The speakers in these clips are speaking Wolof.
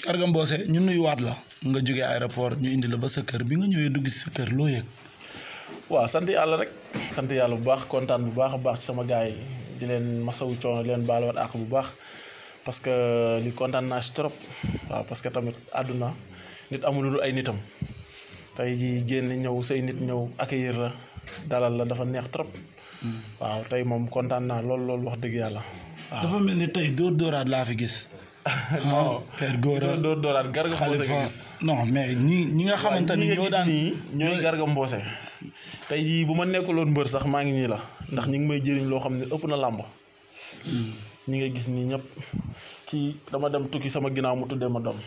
Garga Mbossé ñu nuyuwaat la nga jógee aéroport ñu indi la ba sa kër bi nga ñëwee dugg sa kër loo yëg. waaw sant yàlla rek sant yàlla bu baax kontaan bu baax a baax ci sama gars di leen masawu coono di leen baalawaat àq bu baax parce que li kontaan naa si trop waaw parce que tamit àdduna nit amul lu ay nitam tey ji génn ñëw say nit ñëw accueillir la dalal la dafa neex trop. Hmm. waaw tey moom kontaan naa lool lool wax dëgg yàlla. dafa mel ni tey dóor dóoraat waaw ah, góor Gora doo dooraat Garga Mbossé nga gis mais ñi ñi xamante ni ñoo daan nii ñooy Garga Mbossé tey jii bu ma nekk loon mbër sax maa ngi nii la ndax ñi ngi may jëriñ loo xam ne ëpp na làmb hmm. ñi nga gis nii ñëpp kii dama dem tukki sama ginnaaw mu tuddee ma doom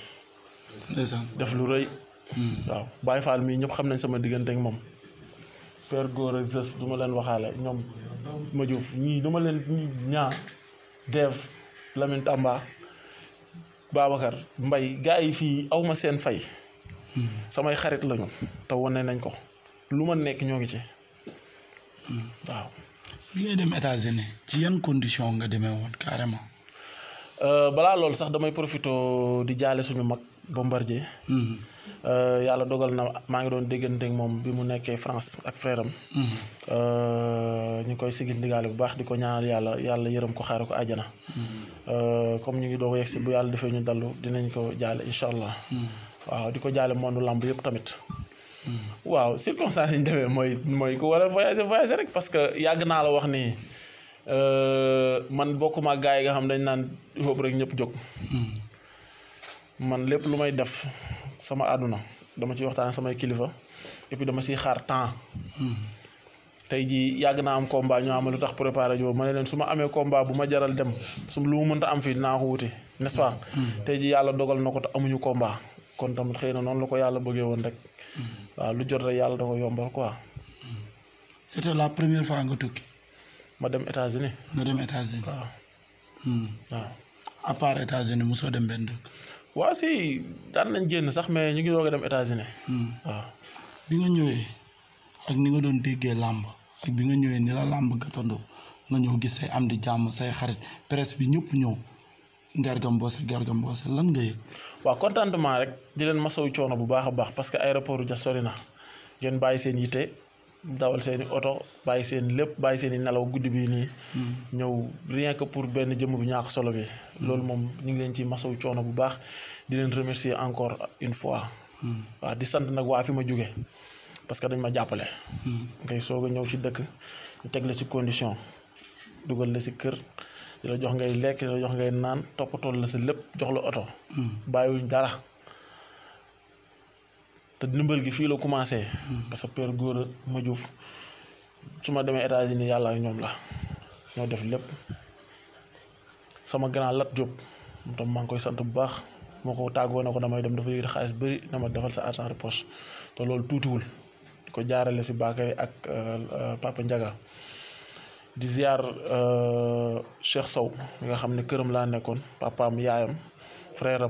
ndeysaan def lu rëy hmm. waaw Baye Fall mii ñëpp xam nañ sama diggante ak moom Père Gora Zës du ma leen waxaale ñoom ma Diouf ñii du ma leen ñaar Dev Lamine Tamba Babacar mbay gars yi fii aw ma seen fay. samay xarit lañu te wone nañ ko lu ma nekk ñoo ngi ci. waaw. bi ngay dem États-Unis ci yan condition nga demee woon carrément. Euh, balaa loolu sax damay profité di jaale suñu mag. Bombardier. Mm-hmm. Euh, yàlla dogal na maa ngi doon déggante moom bi mu nekkee France ak frère am. Mm-hmm. Euh, ñu koy sigil ndigaale bu baax di ko ñaanal yàlla yàlla yërëm ko xaare ko àjjana. Mm-hmm. Euh, comme ñu ngi doog a yegsi bu yàlla defee ñu dallu dinañ ko jaale incha allah. waaw di ko jaale monde làmb yëpp tamit. waaw circonstance yi ñu demee mooy mooy ku war a voyager voyager rek parce que yàgg naa la wax nii man bokkuma ak gars yi nga xam dañ naan foofu rek ñëpp jóg. man lépp lu may def sama àdduna dama ciy waxtaan samay kilifa et dama siy xaar temps. tey jii yàgg naa am combat ñu ama lu tax préparé joo ma ne leen su ma amee combat bu ma jaral dem su lu mu mënta am fii naa ko wuti n'est-ce pas. tey jii yàlla dogal na ko te amuñu komba kon tamit xëy na noonu la ko yàlla bëggee woon rek. waaw lu jot rek yàlla da ko yombal quoi. c'était la première fois nga tukki. ma dem États-Unis. nga dem États-Unis. waaw. Hmm. waaw. à États-Unis waaw si daan nañ génn sax mais ñu ngi doog a dem États-Unis hmm. waaw bi nga ñëwee ak ni nga doon déggee làmb ak bi nga ñëwee ni la làmb gatandoo nga ñëw gis say am di jàmm say xarit presse bi ñëpp ñëw Garga Mbossé Garga Mbossé lan nga yëg waa contentement rek di leen masawu coono bu baax a baax parce que aéroport ja sori na ngeen bàyyi seen yitte dawal seeni oto bàyyi seen lépp bàyyi seen i nelaw guddi bii nii. Hmm. ñëw rien que pour benn jëmm bu ñaax solo bi. Hmm. loolu moom ñu ngi leen ci masawu coono bu baax di leen remercier encore une fois. Hmm. waaw di sant nag waa fi ma jóge parce que dañ ma jàppale. ngay soog a ñëw ci dëkk teg la ci condition dugal la ci kër di la jox ngay lekk di la jox ngay naan toppatool la sa lépp jox la oto. bàyyiwuñ dara. te ndimbal gi fii la commencé. parce que père góor ma juuf su ma demee États-Unis yàlla ak ñoom la ñoo def lépp sama grand Lat Diop moom tam maa ngi koy sant bu baax moo ko tàggoo na ko damay dem dafa yëg xaalis bari dama defal sa argent de poche te loolu tuutiwul di ko jaarale si Bakary ak euh, Papa Ndiaga di ziar euh, Cheikh Sow mi nga xam ne këram laa nekkoon papaam yaayam frère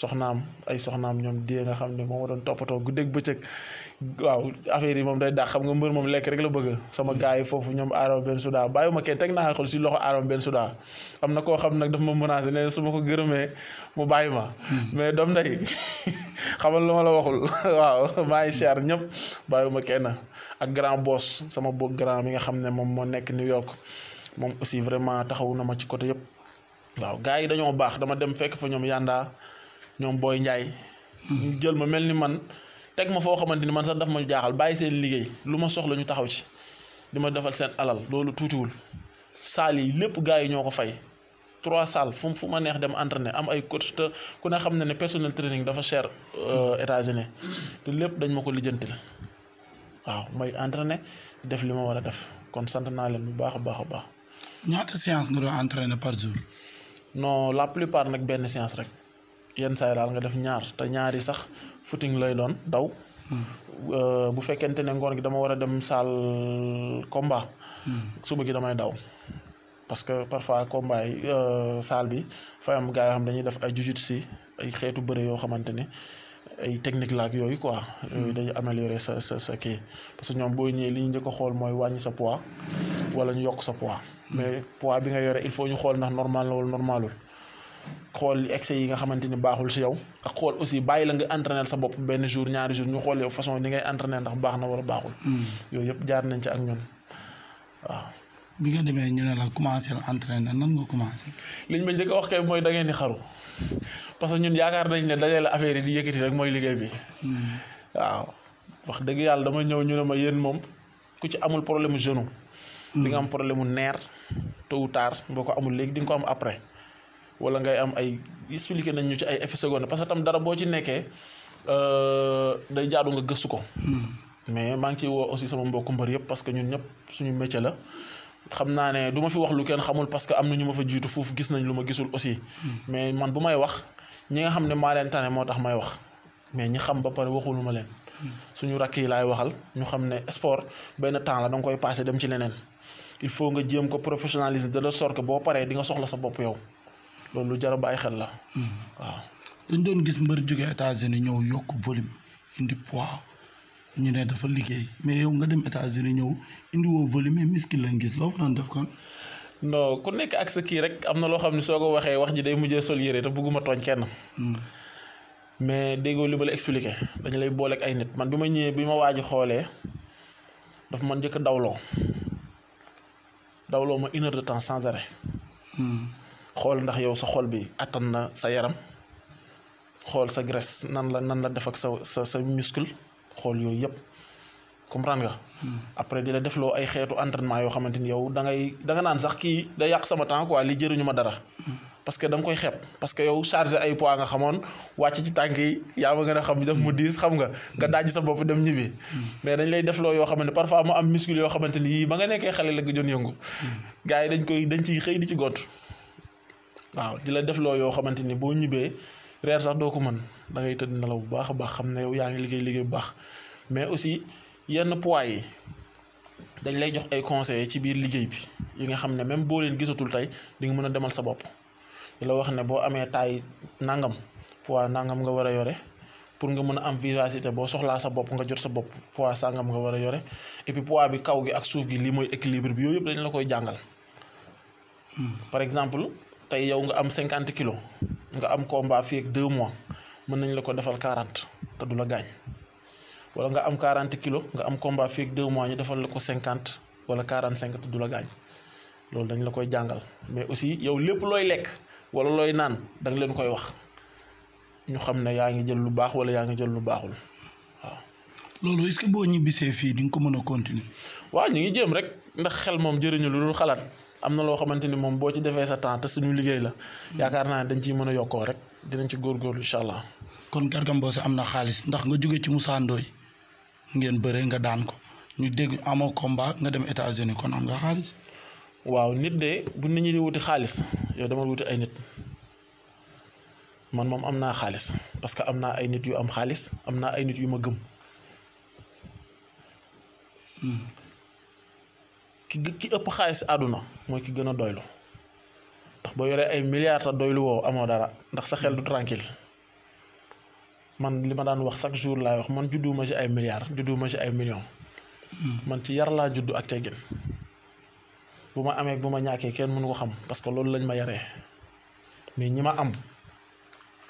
soxnaam ay soxnaam ñoom die nga xam ne moom ma doon toppatoo guddeeg bëccëg waaw affaire yi moom day dàq xam nga mbër moom lekk rek la bëgg sama gars yi foofu ñoom Aram Ben Souda bàyyi ma kenn teg naa xol si loxo Aram Ben Souda am na koo xam nag daf ma menacé ne su ma ko gërëmee mu bàyyi ma hmm. mais doom nday xamal lu ma la waxul waaw maa ngi siyaar ñëpp bàyyi ma kenn ak grand boss sama boog grand mi nga xam ne moom moo nekk New York moom aussi vraiment taxawu na ma ci côté yëpp waaw gars yi dañoo baax dama dem fekk fa ñoom yàndaa ñoom booy njaay hmm. jël ma mel ni man teg ma foo xamante ni man sax daf ma jaaxal bàyyi seen liggéey lu ma soxla ñu taxaw ci li ma defal seen alal loolu tuutiwul saal yi lépp gars yi ñoo ko fay. trois salles fu fu ma neex dem entraîner am ay coach te ku ne xam na ne personnel training dafa cher euh, États-Unis te lépp dañ ma ko lijjanti la waaw may entraîner def li ma war a def kon sant naa leen bu baax a baax a baax. ñaata séance nga doon entraîner par jour. non la plupart nag benn séance rek. yenn saa yi daal nga def ñaar te ñaari sax footing lay doon daw euh, bu fekkente ne ngoon gi dama war a dem salle combat suba gi damay daw parce que parfois combat yi euh, salle bi fa am gars yoo xam dañuy def ay si ay xeetu bëre yoo xamante ne ay technique la yooyu quoi yooyu dañu améliorer sa sa sa kii parce que ñoom boo ñëwee li ñu njëkk xool mooy wàññi sa pois wala ñu yokk sa poids mais poids bi nga yore il faut ñu xool ndax normal la wala normalul xool excès yi nga xamante ni baaxul si yow ak xool aussi bàyyi la nga entraîner sa bopp benn jour ñaari jour ñu xool yow façon li ngay entraîner ndax baax na wala baaxul. Hmm. yooyu yëpp jaar nañ ci ak ñun waaw. bi nga demee ñu ne la commencé entraîner nan nga commencé. liñ ma njëkk a wax kay mooy da ngeen di xaru parce que ñun yaakaar nañ ne dajale affaire yi di yëkkati rek mooy liggéey bi. Hmm. waaw wax dëgg yàlla dama ñëw ñu ne ma yéen moom ku ci amul problème mu genou. nga am hmm. problème mu nerf tôt ou tard boo ko amul léegi di ko am après. wala ngay am ay expliqué nañ ñu ci ay effets secondaires parce que tam dara boo ci nekkee euh, day jaadu nga gëstu ko. Hmm. mais maa ngi ciy woo aussi sama mbokku mbër yëpp que ñun ñëpp suñu métier la. xam naa ne du fi wax lu kenn xamul parce que am na ma fa jiitu foofu gis nañ lu ma gisul aussi. Hmm. mais man bu may wax ñi nga xam ne maa leen tane moo tax may wax mais ñi xam ba pare waxulu ma leen. Hmm. suñu rakk yi laay waxal ñu xam ne sport benn temps la danga koy passé dem ci leneen. il faut nga jéem ko professionnaliser de la sorte que boo paree di soxla sa bopp yow. loolu lu jar a bàyyi xel la. waaw dañ doon gis mbër jóge États-Unis ñëw yokk volume indi poids ñu ne dafa liggéey mais yow nga dem États-Unis ñëw indi woo volume mais lañ gis loo fa daan def kon. non ku nekk ak sa kii rek am na loo xam ne soo ko waxee wax ji day mujjee sol yére te bëgguma tooñ kenn. Hmm. mais déggoo li ma la expliqué dañu lay booleeg ay nit man bi ma ñëwee bi ma waaj xoolee daf man njëkk dawloo dawloo ma une heure de temps sans arrêt. Hmm. xool ndax yow sa xool bi attan na sa yaram xool sa graisse nan la nan la def ak sa sa sa muscle xool yooyu yëpp comprendre nga. Hmm. après di la defloo ay xeetu entraînement yoo xamante ni yow da ngay da nga naan sax kii day yàq sama temps quoi li jëriñu ma dara. Hmm. parce que da koy xeeb parce que yow chargé ay poids nga xamoon wàcc ci tànk yi yaa ma gën a xam def mu hmm. diis xam nga nga daaj sa bopp dem ñibbi. mais dañ lay defloo yoo xamante parfois mu am muscle yoo xamante ni yii ba nga nekkee xale la nga doon yëngu. gars yi dañ koy dañ ciy xëy di ci gont. waaw di la defloo yoo xamante ni boo ñibbee reer sax doo ko mën da ngay tëdd nelaw bu baax a baax xam ne yow yaa ngi liggéey liggéey bu baax mais aussi yenn poids yi dañ lay jox ay conseils ci biir liggéey bi yi nga xam ne même boo leen gisatul tey di nga mën a demal sa bopp di wax ne boo amee taay nangam poids nangam nga war a yore pour nga mën a am vivacité boo soxlaa sa bopp nga jot sa bopp poids sangam nga war a yore et puis bi kaw gi ak suuf gi lii mooy équilibre bi yooyu yëpp dañ la koy jàngal hmm. par exemple. tey yow nga am cinquante kilos nga am combat fii ak deux mois mën nañ la ko defal quarante te du la gaañ walla nga am quarante kilos nga am combat fii ak deux mois ñu defal la ko cinquante wala quarante cinq te du la gaañ loolu dañ la koy jàngal mais aussi yow lépp looy lekk wala looy naan danga leen koy wax ñu xam ne yaa ngi jël lu baax wala yaa ngi jël lu baaxul waaw. loolu est que boo ñibbisee fii di nga ko mën a continuer. waaw ñu ngi jëm rek ndax xel moom jëriñu lu dul xalaat. am na loo xamante ni moom boo ci defee sa temps suñu liggéey la yaakaar naa ne dañ ciy mën a yokkoo rek dinañ ci góorgóorlu incha allah. kon Garga Mbossé am na xaalis ndax nga jóge ci Moussa Ndoye ngeen bëree nga daan ko ñu dégg amoo combat nga dem États-Unis kon am nga xaalis. waaw nit de bu nit ñi di wuti xaalis yow dama wuti ay nit man moom am naa xaalis parce que am naa ay nit yu am xaalis am naa ay nit yu ma gëm. Hmm. ki ki ëpp xaalis àdduna mooy ki gën a doylu ndax boo yoree ay milliards doylu woo amoo dara ndax sa xel du tranquille man li ma daan wax chaque jour lay wax man judduwuma ci ay milliards judduwuma ci ay millions hmm. man ci yar laa juddu ak teggin bu ma amee bu ma ñàkkee kenn mënu ko xam parce que loolu lañ ma yaree mais ñi ma am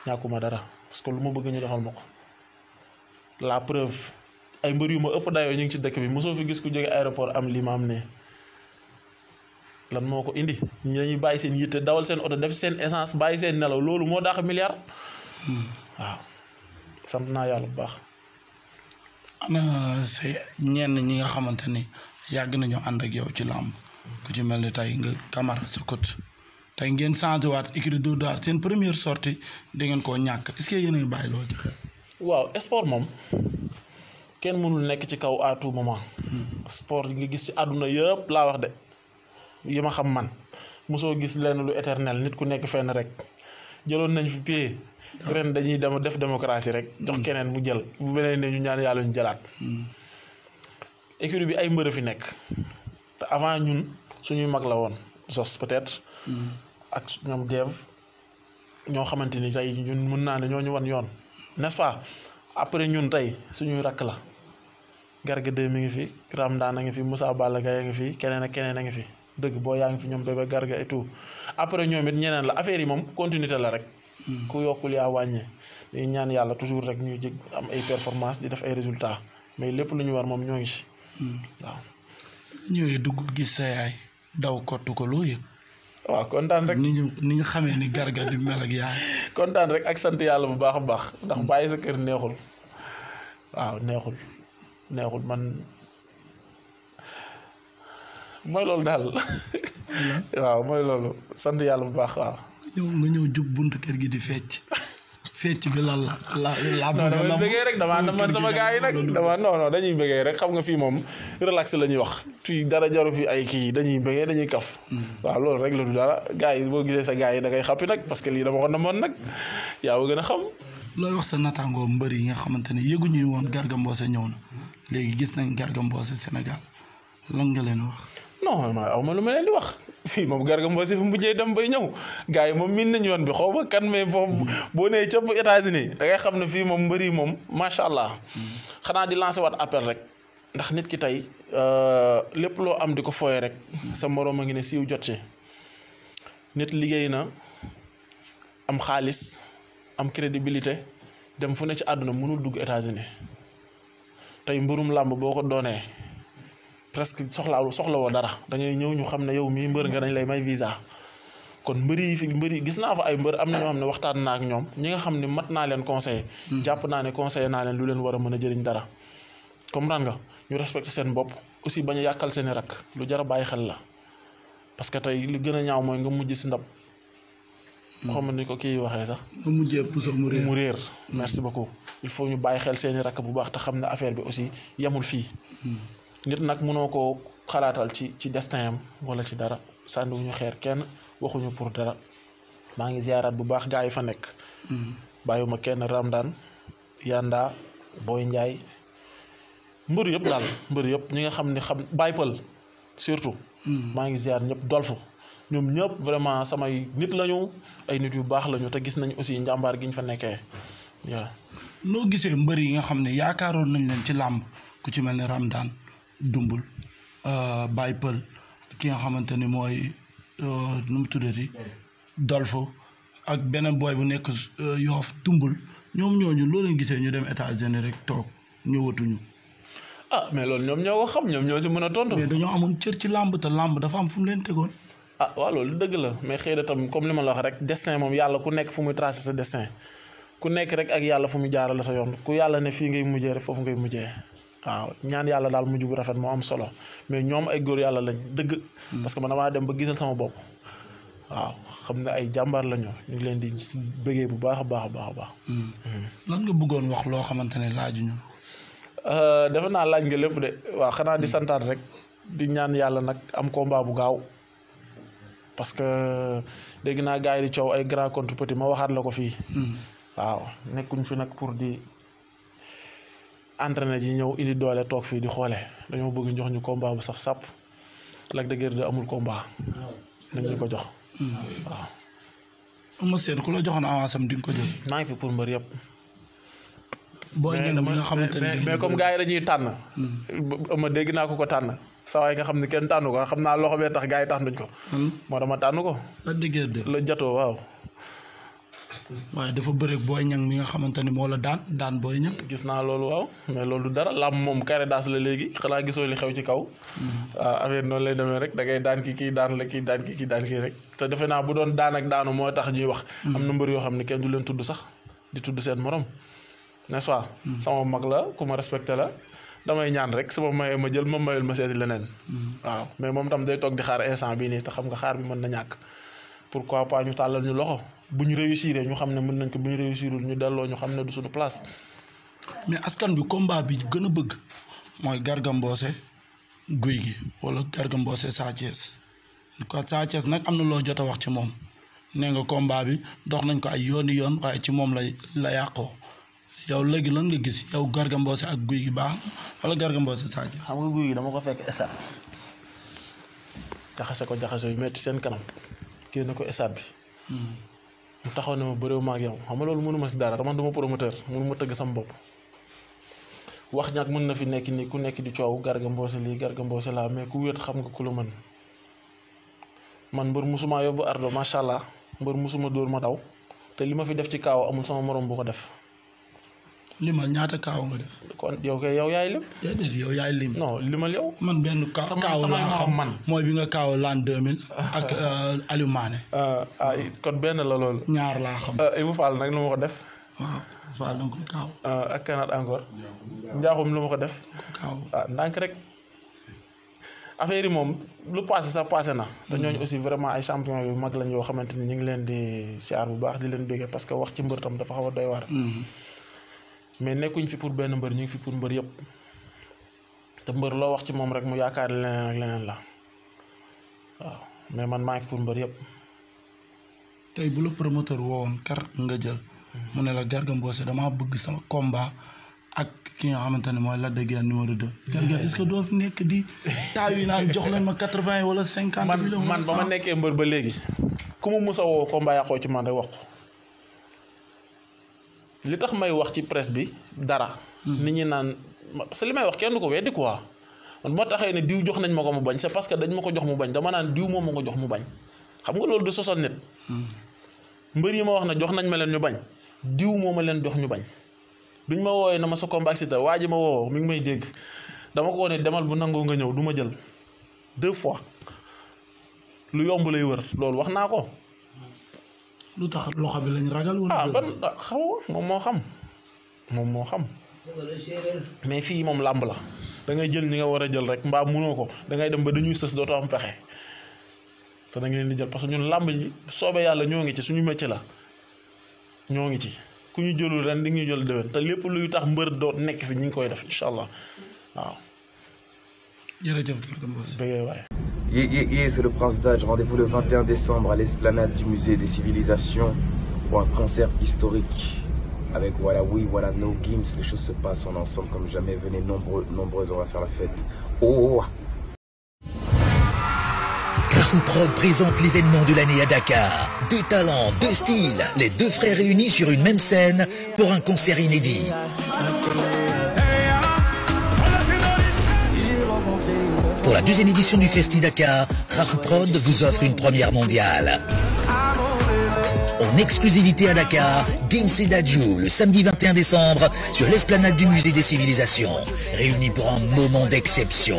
ñàkkuma dara parce que lu ma bëggee ñu defal ma ko la preuve ay mbër yu ma ëpp dayoo ñu ngi ci dëkk bi mosoo fi gis ku jóge aéroport am lii ma am ne lan moo ko indi ñi dañuy bàyyi seen yitte dawal seen oto def seen essence bàyyi seen nelaw loolu moo daax milliard hmm. waaw sant naa yàlla bu baax. ana say ñenn ñi nga xamante ni yàgg nañu ànd ak yow ci làmb ku ci mel ni tey nga Camara sa coach tey ngeen changé waat écurie Dóor waar seen première sorti da ngeen koo ñàkk est-ce que yéen bàyyi loolu ci xel. waaw sport moom kenn mënul nekk ci kaw atu tout moment. Hmm. sport nga gis ci àdduna yëpp laa wax de. yi ma xam man mosoo gis lenn lu éternel nit ku nekk fenn rek jëloon nañ fi pied ah. ren dañuy dem def démocratie rek jox hmm. keneen mu jël bu beneen ne ñu ñaan yàlla ñu jalaat hmm. écurie bi ay mbër fi nekk te avant ñun suñuy mag la woon sos peut-être hmm. ak ñoom deev ñoo xamante ni tey ñun mën naa ne ñoo ñu wan yoon nest pas après ñun tey suñuy rakk la Garga 2 mi ngi fi Ramdan a ngi fi Moussa Balla Gaye a ngi fi keneen ak keneen a ngi fi dëgg boo yaa ngi fi ñoom bébé garga et après ñoom it ñeneen la affaire yi moom continuité la rek. Hmm. ku yokkul yaa wàññee di ñaan yàlla toujours rek ñuy jëg am ay performance di def ay résultat mais lépp lu ñu war moom ñoo ngi si. Hmm. waaw. ñëwee dugg gis sa yaay daw kottu ko loo yëg. waaw kontaan rek ni ñu ni ñu xamee ni garga di mel ak yaay. kontaan rek ak sant yàlla bu baax a baax. ndax hmm. bàyyi sa kër neexul. waaw neexul neexul man. mooy loolu daal waaw mooy loolu sant yàlla bu baax waaw. nga ñëw jub bunt kër gi di fecc fecc bi lan la la la. non damay bëggee rek damaa man sama gars yi nag dama non non dañuy bëggee rek xam nga fii moom relax la ñuy wax fii dara jaru fi ay kii dañuy bëggee dañuy kaf. Hmm. waaw loolu rek la du dara gaa yi boo gisee sa gars yi da ngay xàppi nag parce que lii dama ko namoon nag yaa ma gën a xam. looy wax sa nattaangoo mbër yi nga xamante ne yëguñu woon Garga Mbossé ñëw na léegi gis nañ Garga Mbossé Sénégal lan nga leen non ma aw ma lu ma leen di wax fii moom Garga Mbossé fu mujjee dem bay ñëw gars yi moom miin nañ yoon bi xaw ma kan mais foofu boo nee copp États-Unis dangay xam ne fii moom mbëri moom macha allah xanaa di lancer waat appel rek ndax nit ki tey euh, lépp loo am di ko fooye rek sa moroom a ngi ne siiw jot ci nit liggéey na am xaalis am crédibilité dem fu ne ci àdduna mënul dugg États-Unis tey mburum làmb boo ko doonee. presque soxlaw soxlawoo dara da ñëw ñu xam ne yow mii mbër nga dañ lay may visa kon mbëri yi fi mbëri gis naa fa ay mbër am na ñoo xam ne waxtaan naa ak ñoom ñi nga xam ne mat naa leen conseillé. Hmm. jàpp naa ne conseillé naa leen lu leen war a mën a jëriñ dara comprendre nga ñu respecté seen bopp aussi ba ñu yàkkal seeni i lu jar a bàyyi xel la parce que tey lu gën a ñaaw mooy nga mujj si ndab. moo hmm. xam ni ko kii waxee sax. nga mujjee puso mu réer mu réer. Hmm. merci beaucoup il faut ñu bàyyi xel seen i rakk bu baax te xam ne affaire bi aussi yemul fii. nit nag mënoo koo xalaatal ci ci destin am wala ci dara sànniwuñu xeer kenn waxuñu pour dara maa ngi ziaraat bu baax gaa yi fa nekk. Mm-hmm. ma kenn Ramdan Yanda booy njaay mbër yëpp daal mbër yëpp ñi nga xam ne xam mm-hmm. maa ngi ziar ñëpp dolfu ñoom ñëpp vraiment samay nit lañu ay nit yu baax lañu te gis nañu aussi njàmbaar gi ñu fa nekkee waaw. noo gisee mbër yi nga xam ne yaakaaroon nañ leen ci làmb ku ci mel ne Ramdan dumbul euh, Baye Pël ki nga xamante ni mooy euh, nu mu tuddati Dolfo ak beneen booy bu nekk euh, Yoof tumbul ñoom ñooñu loo leen gisee ñu dem États-Unis rek toog ñëwatuñu. ah mais loolu ñoom ñoo ko xam ñoom ñoo si mën a tontu. mais dañoo amul cër ci làmb te làmb dafa am fu mu leen tegoon. ah waaw loolu dëgg la mais xëy na tam comme li ma la wax rek destin moom yàlla ku nekk fu muy tracé sa destin ku nekk rek ak yàlla fu mu jaarale sa yoon ku yàlla ne fii ngay mujjee rek foofu ngay mujjee. waaw ñaan yàlla daal mujj bu rafet moo am solo mais ñoom ay góor yàlla lañ dëgg. Hmm. parce que man damaa dem ba gisal sama bopp. waaw xam ne ay jàmbaar lañu ñu leen di bëggee bu baax a baax baax baax. Hmm. Hmm. lan nga bëggoon wax loo xamante ne laajuñu la. Euh, defe naa laaj nga lépp de waaw xanaa di santaat rek di ñaan yàlla nag am combat bu gaaw parce que dégg naa gars yi di coow ay grand contre ma waxaat la ko fii. waaw nekkuñ fi nag pour di. entraîné ji ñëw indi doole toog fii di xoole dañoo bëgg jox ñu combat bu saf sàpp Lac de Guiers amul combat ah. nañ ñu ko jox hmm. waaw. Eumeu Sène ku la joxoon avance am ko jël. maa ngi fi pour yëpp. boo ñëwee nga xamante ne mais ko gars yi dañuy tànn. a hmm. dégg naa ko ko tànn saa waay nga xam ne kenn tànn ko xam naa loxo bee tax gars yi tànnuñ ko. Hmm. moo tax tànn ko. la déggee de la jatoo waaw. waaye dafa bëreeg booy ñang mi nga xamante ni moo la daan daan booy ñang gis naa loolu waaw mais loolu du dara làmb moom carré d'as la léegi xanaa gisoo li xew ci kaw. Mm-hmm. Ah, affaire noonu lay demee rek da ngay daan ki kii daan la kii daan ki kii daan kii rek te defe naa bu doon daan ak daanu moo tax ñuy wax. Mm-hmm. am na mbër yoo xam ne kenn du leen tudd sax di tudd seen morom n'est-ce mm-hmm. sama mag la ku ma respecté la. damay ñaan rek su ma mayee ma jël ma mayul ma seeti leneen. waaw mais moom tam day toog di xaar instant bii nii te xam nga xaar bi mën na ñàkk. pourquoi pas ñu tàllal ñu loxo. bu ñu réussir ñu xam ne mën nañ ko bu ñu réussir ñu delloo ñu xam ne du suñu place. mais askan bi combat bi gën a bëgg mooy Garga Mbossé Gouye Gui wala Garga Mbossé Sa Thiès quoi Sa Thiès nag am na loo jot a wax ci moom nee nga combat bi dox nañ ko ay yooni yoon ci moom la la yàqoo yow léegi lan nga gis yow Garga Mbossé ak Gouye Gui baax wala Garga Mbossé Sa xam nga Gouye Gui dama ko fekk stade jaxase ko jaxase yu metti seen kanam génn ko stade bi. Hmm. mu taxaw ne ma bëréew ma ak yow xam nga loolu mënu ma si dara man du ma promoteur mënu ma tëgg sama bopp wax ñaag mën na fi nekk nii ku nekk di coow Garga Mbossé lii Garga Mbossé laa mais ku wéet xam nga ku la mën man mbër musuma yóbbu ardo macha allah mbër musuma dóor ma daw te li ma fi def ci kaaw amul sama morom bu ko def limal ñaata kaaw nga def. kon yow kay yow yaay lim. déedéet yow yaay lim. limal yow. man benn ka kaaw laa xam mooy bi nga kaaw laan 2000. ak euh, Aliou Mané. Ah, benn la ñaar laa xam. Ah, Ibou Fall nag lu def. Ah, ak kanaat encore. njaaxum lu ma ko def. kaaw ah ndànk rek. affaire yi moom lu passé sax passé na te hmm. ñooñu aussi vraiment ay champion yu mag lañ yoo xamante ni ñu ngi leen di siyaar bu baax di leen béggee parce que wax ci mbër tam dafa xaw a doy waar hmm. mais nekkuñ fi pour benn mbër ñu ngi fi pour mbër yëpp te mbër loo wax ci moom rek mu yaakaar leneen ak leneen la waaw mais man maa ngi fi pour mbër yëpp. tey bu la promoteur woowoon kar nga jël. Mhm. mu ne la Garga Mbossé damaa bëgg sama combat ak ki nga xamante ne mooy Lac de Guiers numéro 2. Garga ce que doo fi nekk di taaw jox leen ma quatre-vingt wala cinquante. man man ba ma nekkee mbër ba léegi ku mu mës a woo combat ci man rek wax li tax may wax ci presse bi dara. Hmm. nit ñi naan parce que li may wax kenn ko weddi quoi man moo taxee ne diw jox nañ ma ko mu bañ c'est parce que dañ ma ko jox mu bañ dama naan diw moom ma ko jox mu bañ xam nga loolu du sosal nit. Hmm. mbër ma wax na jox nañ ma leen ñu bañ diw moo ma leen jox ñu bañ biñ ma woowee na ma sa combat waa ji ma wowoo mi ngi may dégg dama ko ne demal bu nangoo nga ñëw du ma jël deux fois lu yomb lay wër loolu wax naa ko. lu tax loxo bi lañ ragal. wala ah ban ah, xaw moom moo xam moom moo xam. mais fii moom làmb la. da ngay jël ñi nga war a jël rek mbaa munoo ko da ngay dem ba dañuy sës dootoo am pexe te na nga leen di jël parce que ñun làmb ji soobee yàlla ñoo ngi ci suñu métier la ñoo ngi ci ku ñu jëlul ren di nga jël déwén te lépp luy tax mbër doot nekk fi ñu ngi koy def incha allah waaw. jërëjëf Yé, c'est le Prince d'Age. Rendez-vous le 21 décembre à l'esplanade du Musée des Civilisations pour un concert historique avec Voilà Oui, Voilà No Gims. Les choses se passent en ensemble comme jamais. Venez nombreux, nombreuses, on la fête. Oh, oh, oh. Prod présente l'événement de l'année à Dakar. Deux talents, deux styles, les deux frères réunis sur une même scène pour un concert inédit. Pour la deuxième édition du Festi Dakar, Rahu Prod vous offre une première mondiale. En exclusivité à Dakar, Gims et le samedi décembre, sur l'esplanade du Musée des Civilisations, réunis pour un moment d'exception.